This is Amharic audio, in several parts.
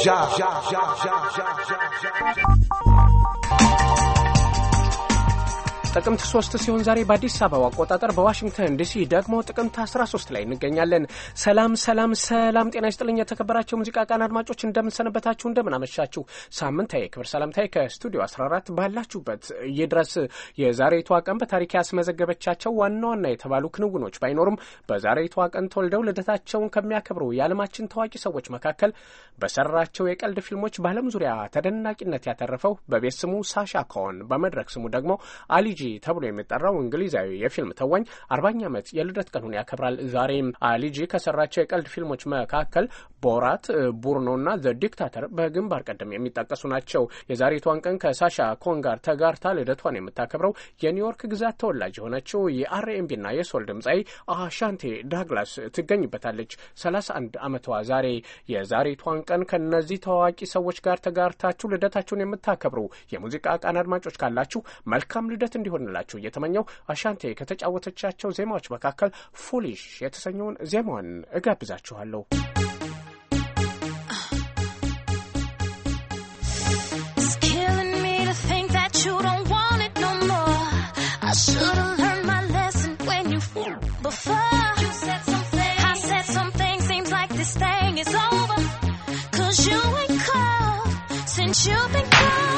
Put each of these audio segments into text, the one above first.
job. job, job, job, job, job, job. ጥቅምት 3 ሲሆን ዛሬ በአዲስ አበባ አቆጣጠር በዋሽንግተን ዲሲ ደግሞ ጥቅምት 13 ላይ እንገኛለን። ሰላም ሰላም ሰላም፣ ጤና ይስጥልኝ የተከበራቸው የሙዚቃ ቃን አድማጮች እንደምንሰነበታችሁ፣ እንደምናመሻችሁ። ሳምንታዊ የክብር ሰላምታዊ ከስቱዲዮ 14 ባላችሁበት ይድረስ። የዛሬቷ ቀን በታሪክ ያስመዘገበቻቸው ዋና ዋና የተባሉ ክንውኖች ባይኖሩም በዛሬቷ ቀን ተወልደው ልደታቸውን ከሚያከብሩ የዓለማችን ታዋቂ ሰዎች መካከል በሰራቸው የቀልድ ፊልሞች በዓለም ዙሪያ ተደናቂነት ያተረፈው በቤት ስሙ ሳሻ ኮን በመድረክ ስሙ ደግሞ አሊ ተብሎ የሚጠራው እንግሊዛዊ የፊልም ተዋኝ አርባኛ ዓመት የልደት ቀኑን ያከብራል። ዛሬም አሊጂ ከሰራቸው የቀልድ ፊልሞች መካከል ቦራት፣ ቡርኖና ዘ ዲክታተር በግንባር ቀደም የሚጠቀሱ ናቸው። የዛሬቷን ቀን ከሳሻ ኮን ጋር ተጋርታ ልደቷን የምታከብረው የኒውዮርክ ግዛት ተወላጅ የሆነችው የአርኤምቢና የሶል ድምጻዊ አሻንቴ ዳግላስ ትገኝበታለች። ሰላሳ አንድ ዓመቷ ዛሬ የዛሬቷን ቀን ከነዚህ ታዋቂ ሰዎች ጋር ተጋርታችሁ ልደታችሁን የምታከብሩ የሙዚቃ ቃን አድማጮች ካላችሁ መልካም ልደት እንዲሁ እንዲሆንላችሁ እየተመኘው አሻንቴ ከተጫወተቻቸው ዜማዎች መካከል ፉሊሽ የተሰኘውን ዜማዋን እጋብዛችኋለሁ። You've been gone.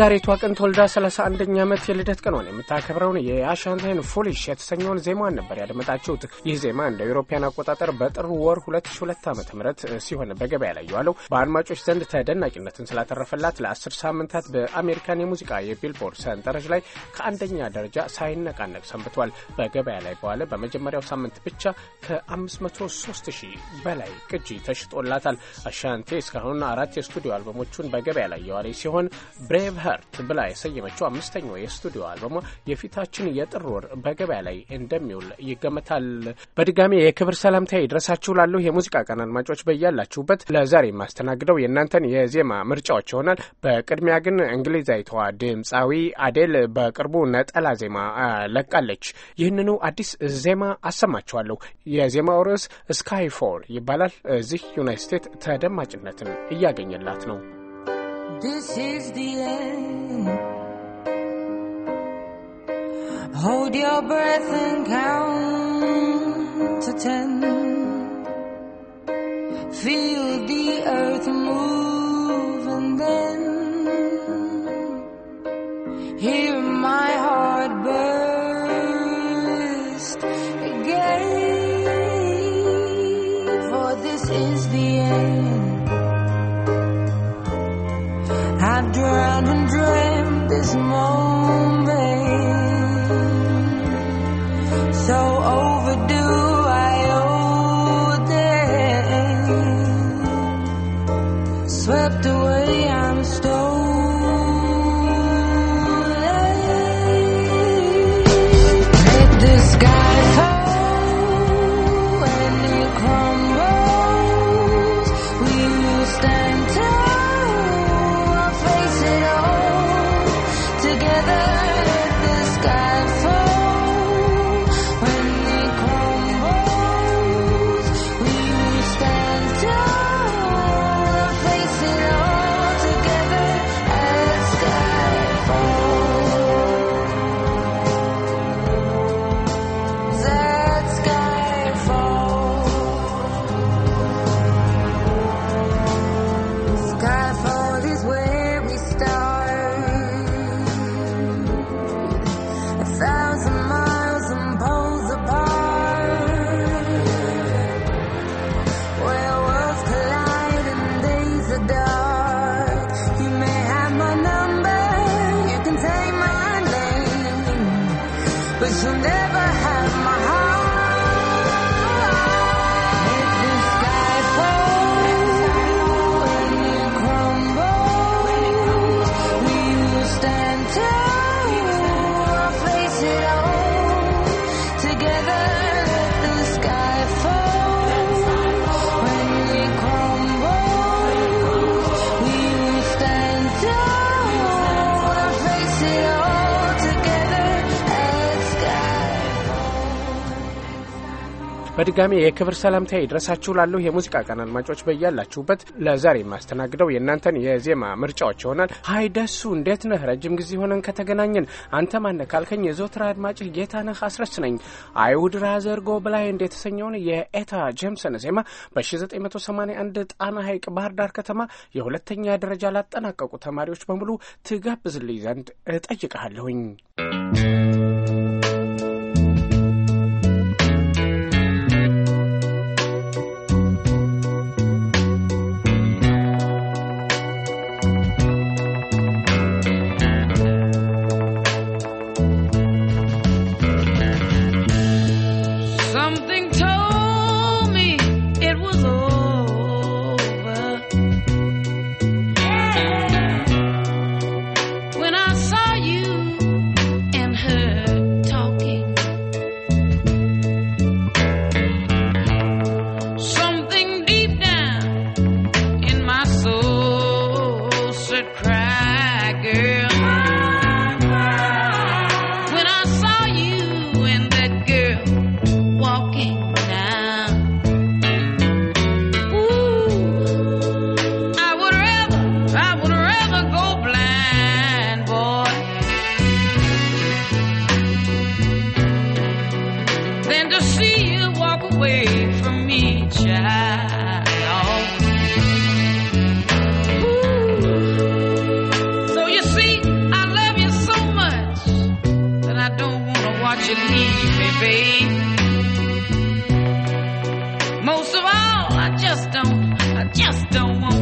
በዛሬቷ ቀን ተወልዳ 31ኛ ዓመት የልደት ቀኗን የምታከብረውን የአሻንታይን ፉሊሽ የተሰኘውን ዜማን ነበር ያደመጣችሁት። ይህ ዜማ እንደ አውሮፓውያን አቆጣጠር በጥር ወር 2002 ዓ ም ሲሆን በገበያ ላይ የዋለው በአድማጮች ዘንድ ተደናቂነትን ስላተረፈላት ለአስር ሳምንታት በአሜሪካን የሙዚቃ የቢልቦርድ ሰንጠረዥ ላይ ከአንደኛ ደረጃ ሳይነቃነቅ ሰንብቷል። በገበያ ላይ በዋለ በመጀመሪያው ሳምንት ብቻ ከ503 ሺህ በላይ ቅጂ ተሽጦላታል። አሻንቴ እስካሁን አራት የስቱዲዮ አልበሞቹን በገበያ ላይ የዋለ ሲሆን ብሬቭ ሀርት ብላ የሰየመችው አምስተኛው የስቱዲዮ አልበሟ የፊታችን የጥር ወር በገበያ ላይ እንደሚውል ይገመታል። በድጋሚ የክብር ሰላምታ ይድረሳችሁ ላለሁ የሙዚቃ ቀን አድማጮች በያላችሁበት ለዛሬ የማስተናግደው የእናንተን የዜማ ምርጫዎች ይሆናል። በቅድሚያ ግን እንግሊዛዊቷ ድምፃዊ አዴል በቅርቡ ነጠላ ዜማ ለቃለች። ይህንኑ አዲስ ዜማ አሰማችኋለሁ። የዜማው ርዕስ ስካይፎል ይባላል። እዚህ ዩናይት ስቴትስ ተደማጭነትን እያገኘላት ነው። This is the end. Hold your breath and count to ten. Feel the earth move and then hear my heart burn. በድጋሚ የክብር ሰላምታ ይድረሳችሁ ላለሁ የሙዚቃ ቀን አድማጮች በያላችሁበት ለዛሬ የማስተናግደው የእናንተን የዜማ ምርጫዎች ይሆናል። ሀይ ደሱ እንዴት ነህ? ረጅም ጊዜ ሆነን ከተገናኘን። አንተ ማነ ካልከኝ የዘወትር አድማጭህ ነህ አስረስ ነኝ። አይውድ ራዘር ጎ ብላይንድ የተሰኘውን የኤታ ጄምሰን ዜማ በ1981 ጣና ሐይቅ ባህር ዳር ከተማ የሁለተኛ ደረጃ ላጠናቀቁ ተማሪዎች በሙሉ ትጋብዝልኝ ዘንድ እጠይቀሃለሁኝ።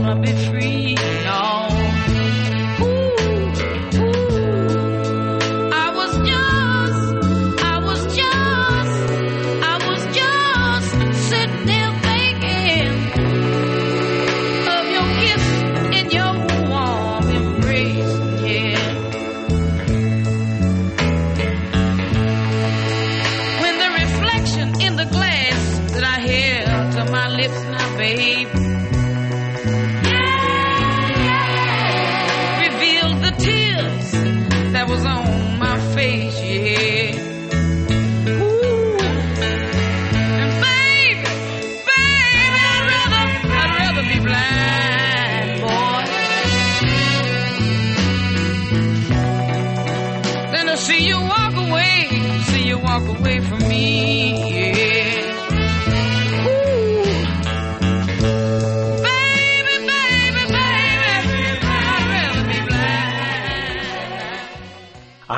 wanna be free.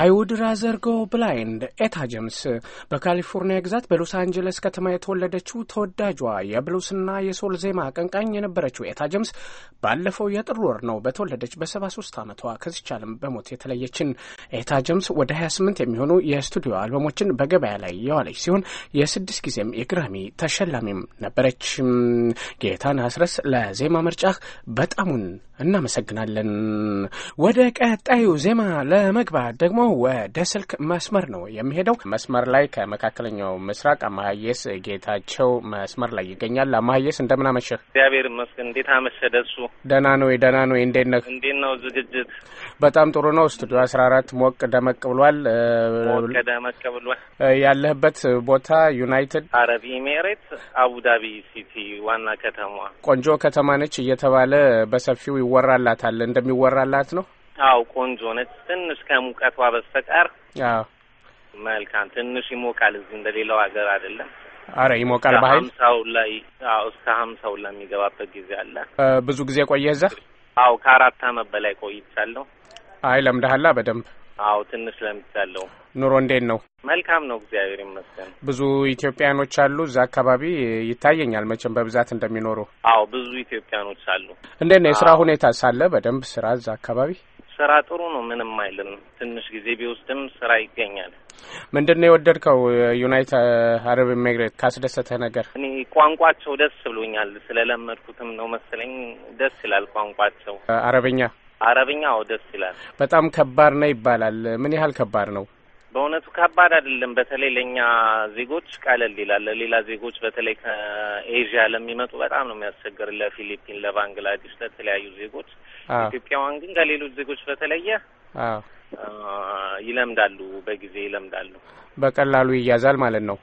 አይውድ ራዘር ጎ ብላይንድ ኤታ ጀምስ በካሊፎርኒያ ግዛት በሎስ አንጀለስ ከተማ የተወለደችው ተወዳጇ የብሉስና የሶል ዜማ አቀንቃኝ የነበረችው ኤታ ጀምስ ባለፈው የጥር ወር ነው በተወለደች በ73 ዓመቷ ከዚች ዓለም በሞት የተለየችን። ኤታ ጀምስ ወደ 28 የሚሆኑ የስቱዲዮ አልበሞችን በገበያ ላይ የዋለች ሲሆን የስድስት ጊዜም የግራሚ ተሸላሚም ነበረች። ጌታን አስረስ ለዜማ ምርጫህ በጣሙን እናመሰግናለን። ወደ ቀጣዩ ዜማ ለመግባት ደግሞ ወደ ስልክ መስመር ነው የሚሄደው። መስመር ላይ ከመካከለኛው ምስራቅ አማየስ ጌታቸው መስመር ላይ ይገኛል። አማየስ እንደምን አመሸህ? እግዚአብሔር ይመስገን። እንዴት አመሸ ደሱ ደህና ነው ደህና ነው። እንዴት ነህ? እንዴት ነው ዝግጅት? በጣም ጥሩ ነው። ስቱዲዮ አስራ አራት ሞቅ ደመቅ ብሏል። ሞቅ ደመቅ ብሏል። ያለህበት ቦታ ዩናይትድ አረብ ኢሜሬት አቡዳቢ ሲቲ ዋና ከተማ ቆንጆ ከተማ ነች እየተባለ በሰፊው ይወራላታል እንደሚወራላት ነው። አው ቆንጆ ነች። ትንሽ ከሙቀቷ በስተቀር አዎ፣ መልካም ትንሽ ይሞቃል። እዚህ እንደሌላው ሀገር አይደለም። አረ ይሞቃል። በሀይል ሀምሳው ላይ አዎ፣ እስከ ሀምሳው ላይ የሚገባበት ጊዜ አለ። ብዙ ጊዜ ቆየህ እዛ? አው ከአራት አመት በላይ ቆይቻለሁ። አይ ለምደሃላ በደንብ አዎ ትንሽ ለምቻለሁ። ኑሮ እንዴት ነው? መልካም ነው፣ እግዚአብሔር ይመስገን። ብዙ ኢትዮጵያኖች አሉ እዛ አካባቢ ይታየኛል፣ መቼም በብዛት እንደሚኖሩ። አዎ ብዙ ኢትዮጵያኖች አሉ። እንዴት ነው የስራ ሁኔታ ሳለ? በደንብ ስራ እዛ አካባቢ ስራ ጥሩ ነው፣ ምንም አይልም። ትንሽ ጊዜ ቢወስድም ስራ ይገኛል። ምንድን ነው የወደድከው ዩናይት አረብ ኤሚሬት ካስደሰተህ ነገር? እኔ ቋንቋቸው ደስ ብሎኛል፣ ስለለመድኩትም ነው መሰለኝ። ደስ ይላል ቋንቋቸው አረብኛ አረብኛው ደስ ይላል። በጣም ከባድ ነው ይባላል። ምን ያህል ከባድ ነው? በእውነቱ ከባድ አይደለም። በተለይ ለእኛ ዜጎች ቀለል ይላል። ለሌላ ዜጎች በተለይ ከኤዥያ ለሚመጡ በጣም ነው የሚያስቸግር፣ ለፊሊፒን፣ ለባንግላዴሽ፣ ለተለያዩ ዜጎች። ኢትዮጵያውያን ግን ከሌሎች ዜጎች በተለየ ይለምዳሉ፣ በጊዜ ይለምዳሉ። በቀላሉ ይያዛል ማለት ነው።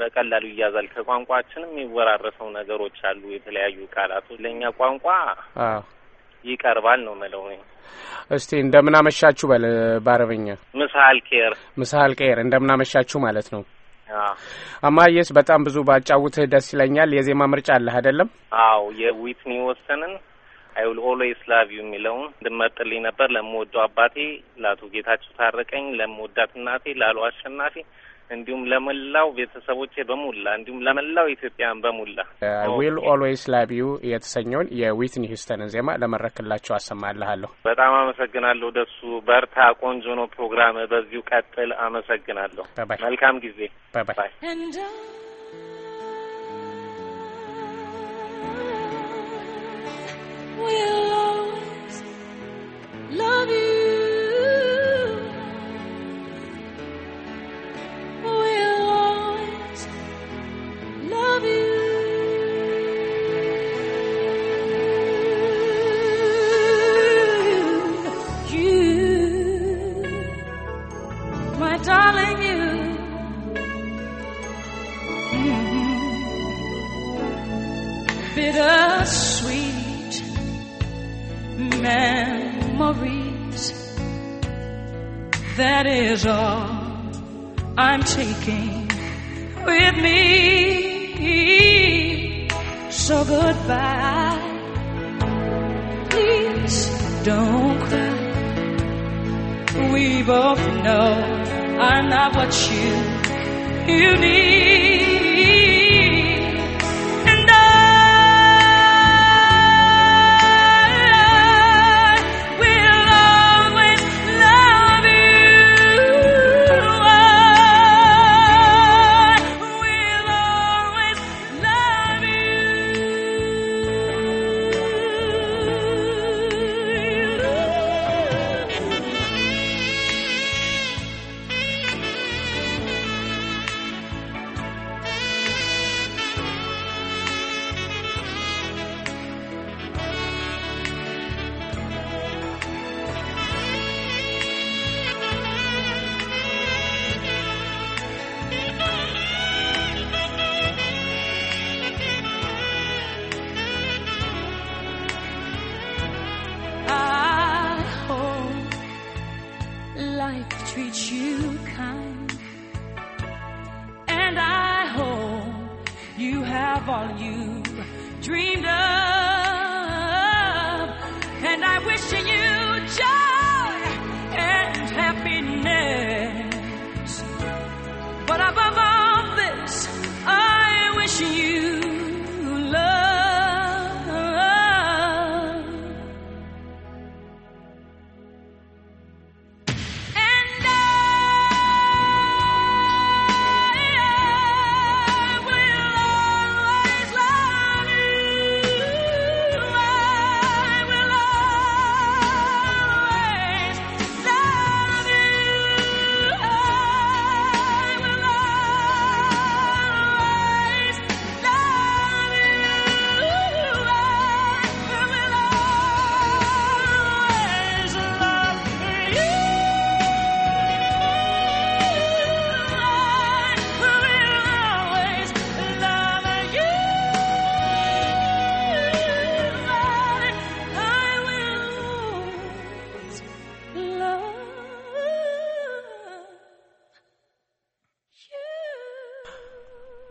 በቀላሉ ይያዛል። ከቋንቋችንም የሚወራረሰው ነገሮች አሉ፣ የተለያዩ ቃላቶች ለእኛ ቋንቋ ይቀርባል ነው የምለው። እስቲ እንደምናመሻችሁ በል በአረበኛ ምሳል ኬር ምሳል ኬር እንደምናመሻችሁ ማለት ነው። አማየስ በጣም ብዙ ባጫውትህ ደስ ይለኛል። የዜማ ምርጫ አለህ አይደለም? አዎ የዊትኒ ወሰንን አይ ዊል ኦልዌይስ ላቭ ዩ የሚለውን እንድመርጥልኝ ነበር ለምወደው አባቴ ለአቶ ጌታቸው ታረቀኝ፣ ለምወዳት እናቴ ላሉ አሸናፊ እንዲሁም ለመላው ቤተሰቦቼ በሙላ እንዲሁም ለመላው ኢትዮጵያን በሙላ ዊል ኦልዌይስ ላቭ ዩ የተሰኘውን የዊትኒ ሂውስተንን ዜማ ለመረክላቸው አሰማልሃለሁ። በጣም አመሰግናለሁ ደሱ። በርታ፣ ቆንጆ ነው ፕሮግራም፣ በዚሁ ቀጥል። አመሰግናለሁ። መልካም ጊዜ። ባይ That is all I'm taking with me. So goodbye. Please don't cry. We both know I'm not what you you need. treats you kind. And I hope you have all you dreamed of.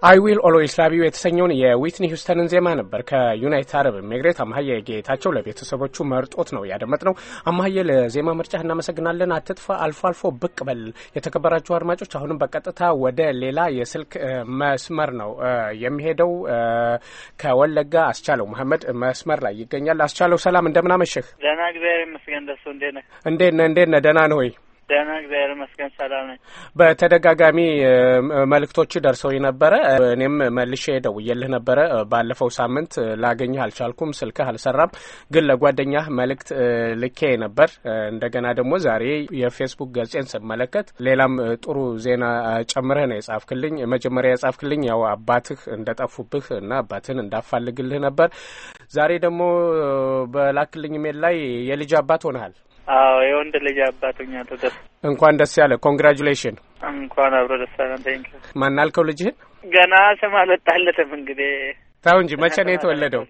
አይ ዊል ኦልዌይስ ላቭ ዩ የተሰኘውን የዊትኒ ሂውስተንን ዜማ ነበር ከዩናይትድ አረብ ኤሚሬት አማሀየ ጌታቸው ለቤተሰቦቹ መርጦት ነው ያደመጥ ነው። አማሀየ ለዜማ ምርጫ እናመሰግናለን። አትጥፋ፣ አልፎ አልፎ ብቅ በል። የተከበራችሁ አድማጮች፣ አሁንም በቀጥታ ወደ ሌላ የስልክ መስመር ነው የሚሄደው። ከወለጋ አስቻለው መሀመድ መስመር ላይ ይገኛል። አስቻለው ሰላም፣ እንደምን አመሸህ? ደህና እግዚአብሔር ይመስገን። ደሱ እንዴት ነህ? እንዴት ነህ? ደህና ነህ ወይ? ደህና እግዚአብሔር ይመስገን ሰላም ነኝ። በተደጋጋሚ መልእክቶች ደርሰው ነበረ። እኔም መልሼ ደውዬልህ ነበረ። ባለፈው ሳምንት ላገኝህ አልቻልኩም፣ ስልክህ አልሰራም። ግን ለጓደኛህ መልእክት ልኬ ነበር። እንደገና ደግሞ ዛሬ የፌስቡክ ገጼን ስመለከት ሌላም ጥሩ ዜና ጨምረህ ነው የጻፍክልኝ። መጀመሪያ የጻፍክልኝ ያው አባትህ እንደጠፉብህ እና አባትህን እንዳፋልግልህ ነበር። ዛሬ ደግሞ በላክልኝ ሜል ላይ የልጅ አባት ሆነሃል። አዎ የወንድ ልጅ አባቶኛለሁ። ተደስ እንኳን ደስ ያለ ኮንግራጁሌሽን። እንኳን አብሮ ደስ ያለ። ማናልከው ልጅህን ገና ስም አልወጣለትም እንግዲህ ታው እንጂ መቼ ነው የተወለደው?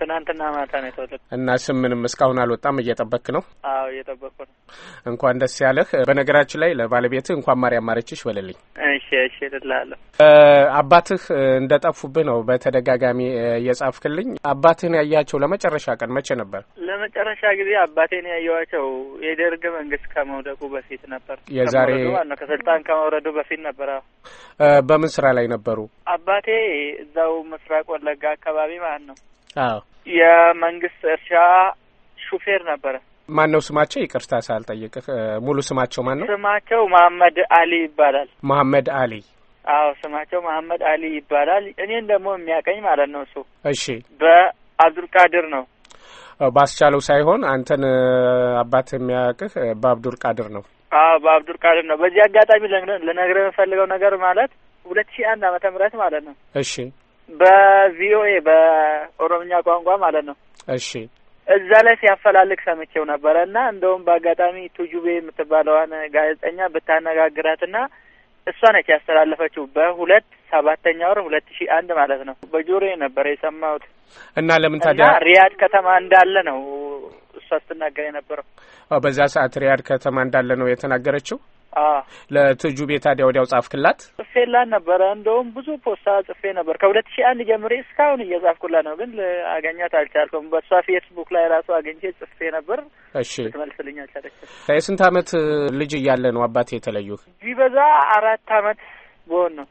ትናንትና ማታ ነው የተወለደው። እና ስም ምንም እስካሁን አልወጣም። እየጠበክ ነው? አዎ እየጠበኩ ነው። እንኳን ደስ ያለህ። በነገራችን ላይ ለባለቤትህ እንኳን ማርያም ማረችሽ በልልኝ። እሺ እሺ እልልሃለሁ። አባትህ እንደ ጠፉብህ ነው በተደጋጋሚ እየጻፍክልኝ። አባትህን ያያቸው ለመጨረሻ ቀን መቼ ነበር? ለመጨረሻ ጊዜ አባቴን ያየዋቸው የደርግ መንግስት ከመውደቁ በፊት ነበር። የዛሬ ነው ከስልጣን ከመውረዱ በፊት ነበር። በምን ስራ ላይ ነበሩ? አባቴ እዛው ምስራቅ ወለጋ አካባቢ ማለት ነው። አዎ የመንግስት እርሻ ሹፌር ነበረ። ማን ነው ስማቸው? ይቅርታ ሳልጠይቅህ ሙሉ ስማቸው ማን ነው? ስማቸው መሀመድ አሊ ይባላል። መሀመድ አሊ አዎ፣ ስማቸው መሀመድ አሊ ይባላል። እኔን ደግሞ የሚያቀኝ ማለት ነው እሱ። እሺ፣ በአብዱልቃድር ነው ባስቻለው ሳይሆን አንተን አባት የሚያውቅህ በአብዱል ቃድር ነው። አዎ በአብዱል ቃድር ነው። በዚህ አጋጣሚ ልነግርህ የምፈልገው ነገር ማለት ሁለት ሺህ አንድ አመተ ምህረት ማለት ነው። እሺ በቪኦኤ በኦሮምኛ ቋንቋ ማለት ነው። እሺ እዛ ላይ ሲያፈላልግ ሰምቼው ነበረ እና እንደውም በአጋጣሚ ቱጁቤ የምትባለዋን ጋዜጠኛ ብታነጋግራትና እሷ ነች ያስተላለፈችው በሁለት ሰባተኛ ወር ሁለት ሺህ አንድ ማለት ነው። በጆሮ ነበረ የሰማሁት እና ለምን ታዲያ ሪያድ ከተማ እንዳለ ነው እሷ ስትናገር የነበረው። በዛ ሰዓት ሪያድ ከተማ እንዳለ ነው የተናገረችው። ቤት ታዲያ ወዲያው ጻፍክላት? ጽፌላት ነበረ። እንደውም ብዙ ፖስታ ጽፌ ነበር ከሁለት ሺ አንድ ጀምሬ እስካሁን እየጻፍኩላት ነው፣ ግን አገኛት አልቻልኩም። በእሷ ፌስቡክ ላይ ራሱ አግኝቼ ጽፌ ነበር። እሺ ትመልስልኝ አልቻለችም። የስንት አመት ልጅ እያለ ነው አባቴ የተለዩ? ቢበዛ አራት አመት በሆን ነው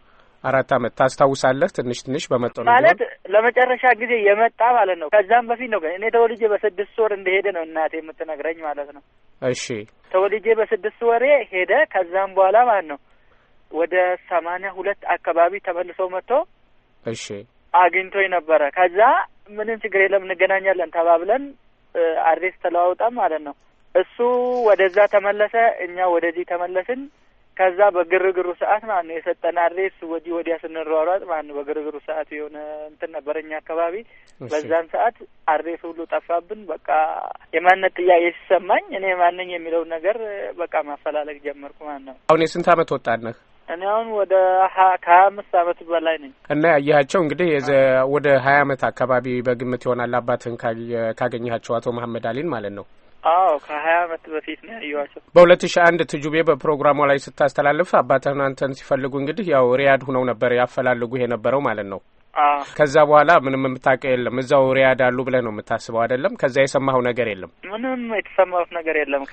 አራት አመት ታስታውሳለህ? ትንሽ ትንሽ በመጠኑ ማለት ለመጨረሻ ጊዜ የመጣ ማለት ነው። ከዛም በፊት ነው እኔ ተወልጄ በስድስት ወር እንደሄደ ነው እናቴ የምትነግረኝ ማለት ነው። እሺ ተወልጄ በስድስት ወሬ ሄደ። ከዛም በኋላ ማለት ነው ወደ ሰማንያ ሁለት አካባቢ ተመልሶ መጥቶ እሺ አግኝቶኝ ነበረ። ከዛ ምንም ችግር የለም እንገናኛለን ተባብለን አድሬስ ተለዋውጣም ማለት ነው። እሱ ወደዛ ተመለሰ፣ እኛ ወደዚህ ተመለስን። ከዛ በግርግሩ ሰዓት ማለት ነው የሰጠን አድሬስ ወዲህ ወዲያ ስንሯሯጥ ማለት ነው። በግርግሩ ሰዓት የሆነ እንትን ነበረኛ አካባቢ በዛን ሰዓት አድሬስ ሁሉ ጠፋብን። በቃ የማንነት ጥያቄ ሲሰማኝ እኔ ማንኝ የሚለውን ነገር በቃ ማፈላለግ ጀመርኩ ማለት ነው። አሁን የስንት አመት ወጣት ነህ? እኔ አሁን ወደ ከሀያ አምስት አመት በላይ ነኝ። እና ያየሃቸው እንግዲህ ወደ ሀያ አመት አካባቢ በግምት ይሆናል አባትህን ካገኘሃቸው አቶ መሀመድ አሊን ማለት ነው። አዎ ከሀያ አመት በፊት ነው ያየኋቸው። በሁለት ሺ አንድ ትጁቤ በፕሮግራሟ ላይ ስታስተላልፍ አባትህን አንተን ሲፈልጉ እንግዲህ ያው ሪያድ ሁነው ነበር ያፈላልጉ የነበረው ማለት ነው። ከዛ በኋላ ምንም የምታውቀው የለም። እዛው ሪያድ አሉ ብለህ ነው የምታስበው አይደለም? ከዛ የሰማኸው ነገር የለም? ምንም የተሰማሁት ነገር የለም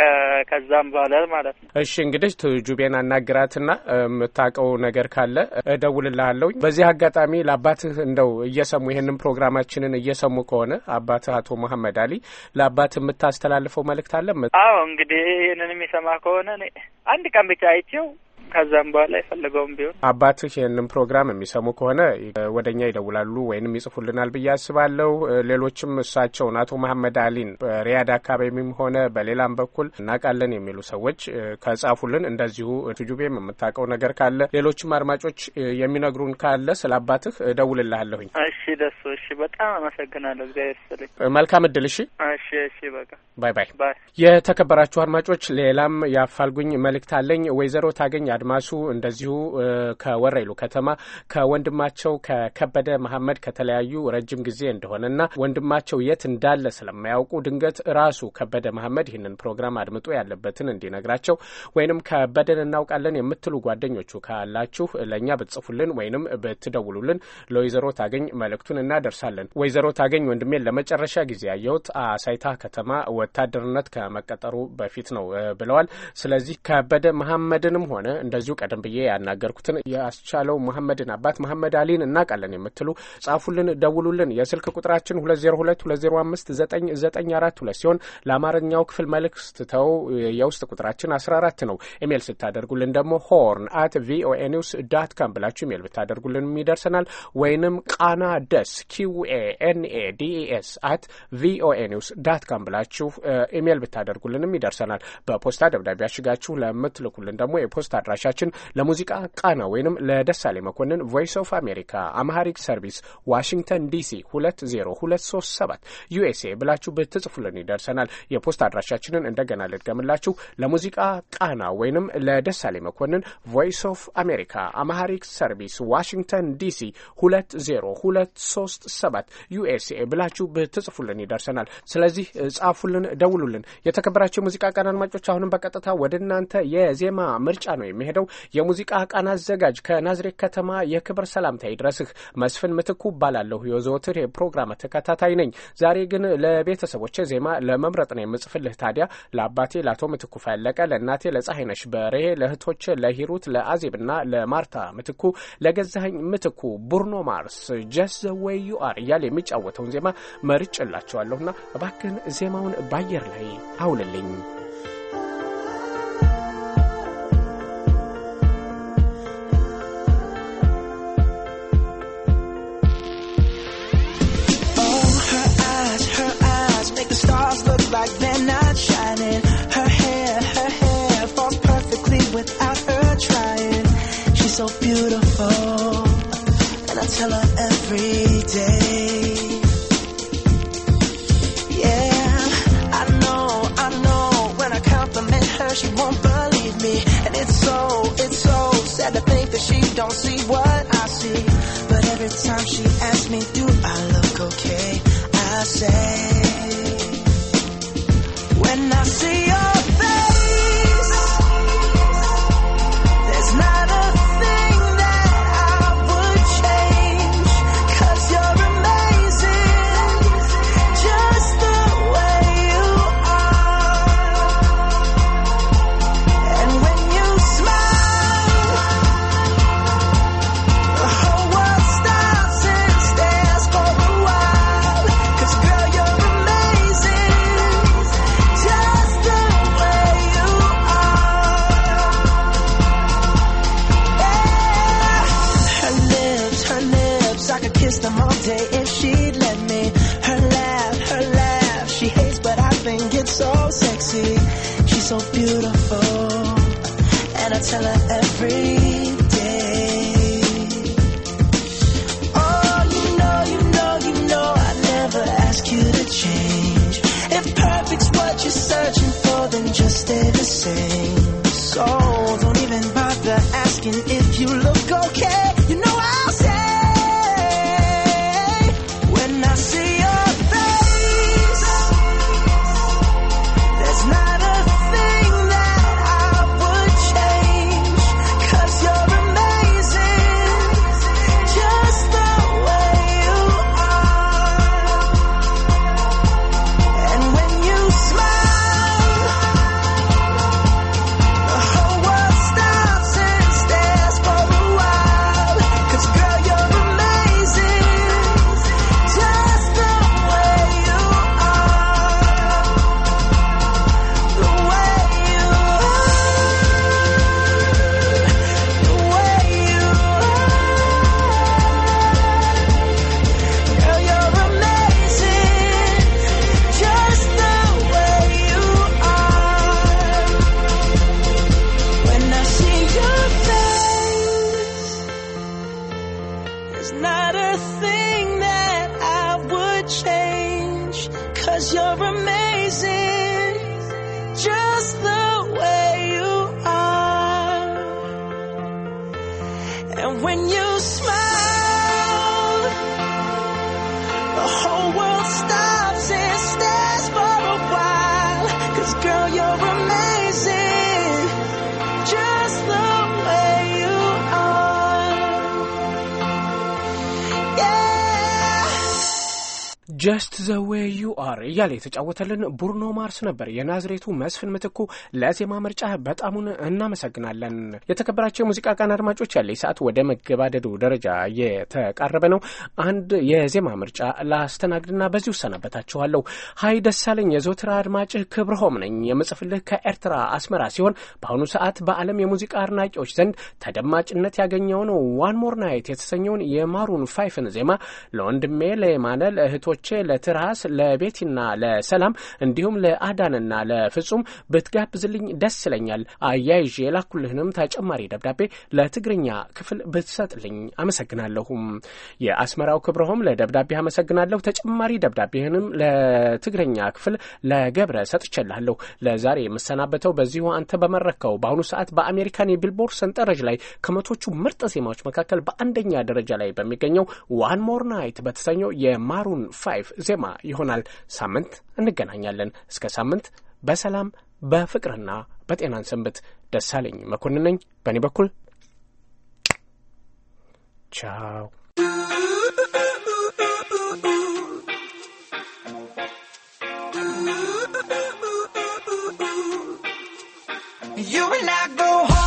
ከዛም በኋላ ማለት ነው። እሺ እንግዲህ ትጁቤን አናግራትና የምታውቀው ነገር ካለ እደውልልሃለሁ። በዚህ አጋጣሚ ለአባትህ እንደው እየሰሙ ይህንን ፕሮግራማችንን እየሰሙ ከሆነ አባትህ አቶ መሀመድ አሊ ለአባትህ የምታስተላልፈው መልእክት አለ? አዎ እንግዲህ ይህንን የሚሰማ ከሆነ አንድ ቀን ብቻ አይቼው ከዛም በኋላ የፈለገውም ቢሆን አባትህ ይህንን ፕሮግራም የሚሰሙ ከሆነ ወደ እኛ ይደውላሉ ወይንም ይጽፉልናል ብዬ አስባለሁ። ሌሎችም እሳቸውን አቶ መሀመድ አሊን በሪያድ አካባቢም ሆነ በሌላም በኩል እናውቃለን የሚሉ ሰዎች ከጻፉልን እንደዚሁ ቱጁቤም የምታውቀው ነገር ካለ ሌሎችም አድማጮች የሚነግሩን ካለ ስለ አባትህ እደውልልሃለሁኝ። እሺ ደሱ፣ እሺ በጣም አመሰግናለሁ። እግዚአብሔር ይስጥልኝ። መልካም እድል። እሺ፣ እሺ፣ እሺ። በቃ ባይ ባይ። የተከበራችሁ አድማጮች፣ ሌላም የአፋልጉኝ መልእክት አለኝ። ወይዘሮ ታገኝ አድማሱ እንደዚሁ ከወረይሉ ከተማ ከወንድማቸው ከከበደ መሐመድ ከተለያዩ ረጅም ጊዜ እንደሆነና ወንድማቸው የት እንዳለ ስለማያውቁ ድንገት ራሱ ከበደ መሐመድ ይህንን ፕሮግራም አድምጦ ያለበትን እንዲነግራቸው ወይንም ከበደን እናውቃለን የምትሉ ጓደኞቹ ካላችሁ ለእኛ ብትጽፉልን ወይንም ብትደውሉልን ለወይዘሮ ታገኝ መልእክቱን እናደርሳለን። ወይዘሮ ታገኝ ወንድሜን ለመጨረሻ ጊዜ ያየሁት አሳይታ ከተማ ወታደርነት ከመቀጠሩ በፊት ነው ብለዋል። ስለዚህ ከበደ መሐመድንም ሆነ እንደዚሁ ቀደም ብዬ ያናገርኩትን ያስቻለው መሐመድን አባት መሐመድ አሊን እናውቃለን የምትሉ ጻፉልን፣ ደውሉልን። የስልክ ቁጥራችን ሁለት ዜሮ ሁለት ሁለት ዜሮ አምስት ዘጠኝ ዘጠኝ አራት ሁለት ሲሆን ለአማርኛው ክፍል መልእክት ተው የውስጥ ቁጥራችን አስራ አራት ነው። ኢሜይል ስታደርጉልን ደግሞ ሆርን አት ቪኦኤ ኒውስ ዳት ካም ብላችሁ ኢሜል ብታደርጉልን ይደርሰናል። ወይንም ቃና ደስ ኪውኤ ኤንኤ ዲኤስ አት ቪኦኤ ኒውስ ዳት ካም ብላችሁ ኢሜይል ብታደርጉልንም ይደርሰናል። በፖስታ ደብዳቤ ያሽጋችሁ ለምትልኩልን ደግሞ የፖስታ አድራ። አድራሻችን ለሙዚቃ ቃና ወይንም ለደሳሌ መኮንን ቮይስ ኦፍ አሜሪካ አማሃሪክ ሰርቪስ ዋሽንግተን ዲሲ 20237 ዩኤስኤ ብላችሁ ብትጽፉልን ይደርሰናል። የፖስት አድራሻችንን እንደገና ልድገምላችሁ። ለሙዚቃ ቃና ወይንም ለደሳሌ መኮንን ቮይስ ኦፍ አሜሪካ አማሃሪክ ሰርቪስ ዋሽንግተን ዲሲ 20237 ዩኤስኤ ብላችሁ ብትጽፉልን ይደርሰናል። ስለዚህ ጻፉልን፣ ደውሉልን። የተከበራቸው የሙዚቃ ቃና አድማጮች፣ አሁንም በቀጥታ ወደ እናንተ የዜማ ምርጫ ነው የሚሄ የሚካሄደው የሙዚቃ ቃና አዘጋጅ ከናዝሬት ከተማ የክብር ሰላምታ ይድረስህ። መስፍን ምትኩ እባላለሁ። የዘወትር የፕሮግራም ተከታታይ ነኝ። ዛሬ ግን ለቤተሰቦች ዜማ ለመምረጥ ነው የምጽፍልህ። ታዲያ ለአባቴ ለአቶ ምትኩ ፈለቀ፣ ለእናቴ ለፀሐይነሽ በርሄ፣ ለእህቶች ለሂሩት፣ ለአዜብና ለማርታ ምትኩ፣ ለገዛኸኝ ምትኩ ቡርኖ ማርስ ጀስ ዘ ዌይ ዩ አር እያለ የሚጫወተውን ዜማ መርጭላቸዋለሁና እባክህን ዜማውን ባየር ላይ አውልልኝ። so beautiful, and I tell her every day. Yeah, I know, I know. When I compliment her, she won't believe me, and it's so, it's so sad to think that she don't see what I see. But every time she asks me, do I look okay? I say, when I see sexy, she's so beautiful, and I tell her every day. Oh, you know, you know, you know, I never ask you to change. If perfect's what you're searching for, then just stay the same. So don't even bother asking if you look. ጀስት ዘ ዌይ ዩ አር እያለ የተጫወተልን ቡርኖ ማርስ ነበር። የናዝሬቱ መስፍን ምትኩ ለዜማ ምርጫ በጣሙን እናመሰግናለን። የተከበራቸው የሙዚቃ ቃን አድማጮች ያለ ሰዓት ወደ መገባደዱ ደረጃ የተቃረበ ነው። አንድ የዜማ ምርጫ ላስተናግድና በዚሁ እሰናበታችኋለሁ። ሀይ ደሳለኝ፣ የዘወትር አድማጭህ ክብርሆም ነኝ። የምጽፍልህ ከኤርትራ አስመራ ሲሆን በአሁኑ ሰዓት በዓለም የሙዚቃ አድናቂዎች ዘንድ ተደማጭነት ያገኘውን ዋን ሞር ናይት የተሰኘውን የማሩን ፋይፍን ዜማ ለወንድሜ ለማነ ለእህቶች ለወንድሞቼ ለትርሃስ ለቤቲና ለሰላም እንዲሁም ለአዳንና ለፍጹም ብትጋብዝልኝ ደስ ይለኛል። አያይዤ የላኩልህንም ተጨማሪ ደብዳቤ ለትግርኛ ክፍል ብትሰጥልኝ አመሰግናለሁም። የአስመራው ክብረሆም ለደብዳቤ አመሰግናለሁ። ተጨማሪ ደብዳቤህንም ለትግረኛ ክፍል ለገብረ ሰጥቼላለሁ። ለዛሬ የምሰናበተው በዚሁ አንተ በመረከው በአሁኑ ሰዓት በአሜሪካን የቢልቦርድ ሰንጠረዥ ላይ ከመቶቹ ምርጥ ዜማዎች መካከል በአንደኛ ደረጃ ላይ በሚገኘው ዋን ሞር ናይት በተሰኘው የማሩን ፋ ፋይቭ ዜማ ይሆናል። ሳምንት እንገናኛለን። እስከ ሳምንት በሰላም በፍቅርና በጤናን ሰንብት። ደሳለኝ መኮንን ነኝ። በእኔ በኩል ቻው። You will not go home.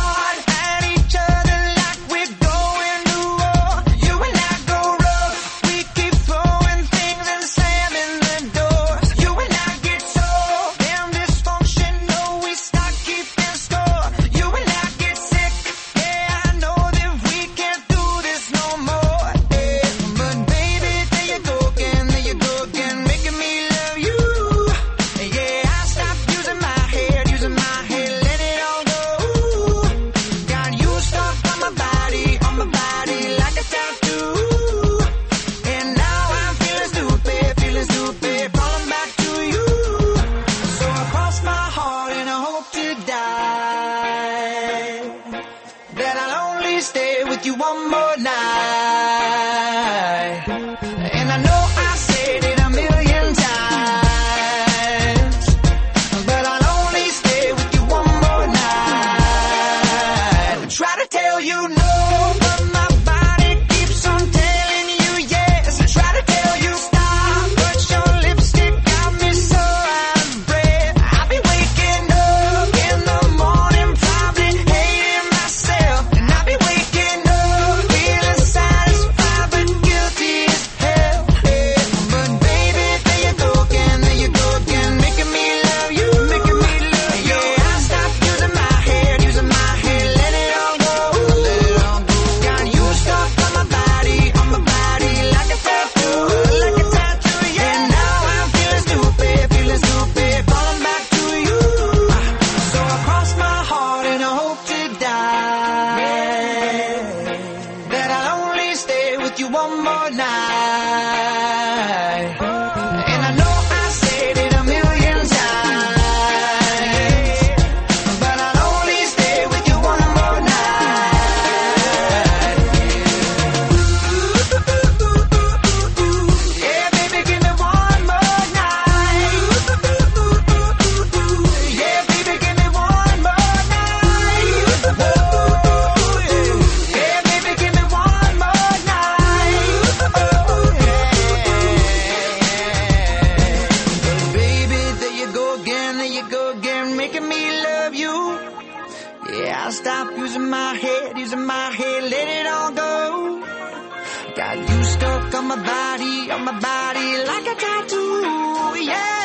again, there you go again, making me love you. Yeah, I stop using my head, using my head, let it all go. Got you stuck on my body, on my body, like a tattoo, yeah.